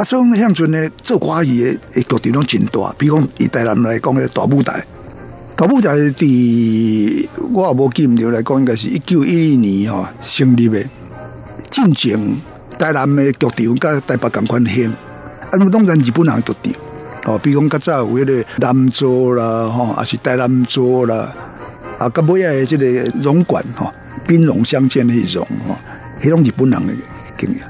啊，所以向陣咧做花藝嘅，誒，國調攏真大。比如講，以台南來講，個大舞台，大舞台佇我啊無記唔了來講，應該是一九一一年吼、哦、成立嘅。進前台南嘅國調加台北共款縣，啊，唔當然日本人嘅國調。哦，比如講，較早有迄個南州啦，吼、哦，抑是台南州啦，啊，甲尾啊，即個融館吼，兵戎相見的一種，吼、哦，迄攏日本人嘅經驗。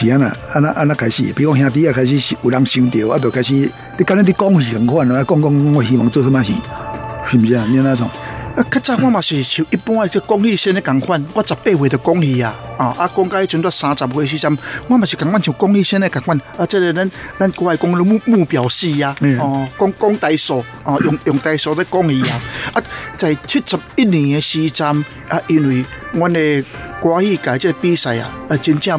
是啊呐，安那安那開始，比如兄弟啊開始有人想到，啊，就開始你跟人家講是同款咯，講講我希望做什麼事，是不是啊？你那種啊，較早我嘛是像一般嘅，即公益先咧講款，我十八歲就講益啊，啊，、這個、啊，啊，講到以前到三十歲時陣，我嘛是講我像公益先咧講款，啊，即個咱咱國外講嘅目目標是呀，哦，講講大數，啊，用用大數咧講益啊，啊，在七十一年嘅時陣啊，因為我哋國語改這個比賽啊，啊，真正。